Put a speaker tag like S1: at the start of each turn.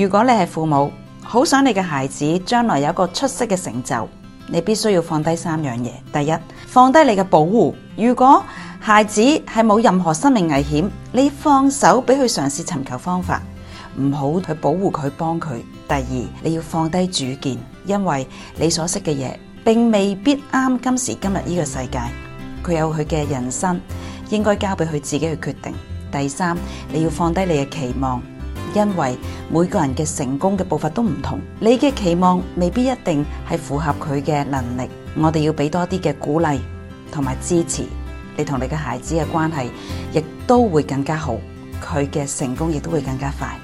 S1: 如果你係父母，好想你嘅孩子將來有一個出色嘅成就，你必須要放低三樣嘢。第一，放低你嘅保護。如果孩子係冇任何生命危險，你放手俾佢嘗試尋求方法，唔好去保護佢、幫佢。第二，你要放低主見，因為你所識嘅嘢，並未必啱今時今日呢個世界。佢有佢嘅人生，應該交俾佢自己去決定。第三，你要放低你嘅期望。因為每個人嘅成功嘅步伐都唔同，你嘅期望未必一定係符合佢嘅能力。我哋要俾多啲嘅鼓勵同埋支持，你同你嘅孩子嘅關係亦都會更加好，佢嘅成功亦都會更加快。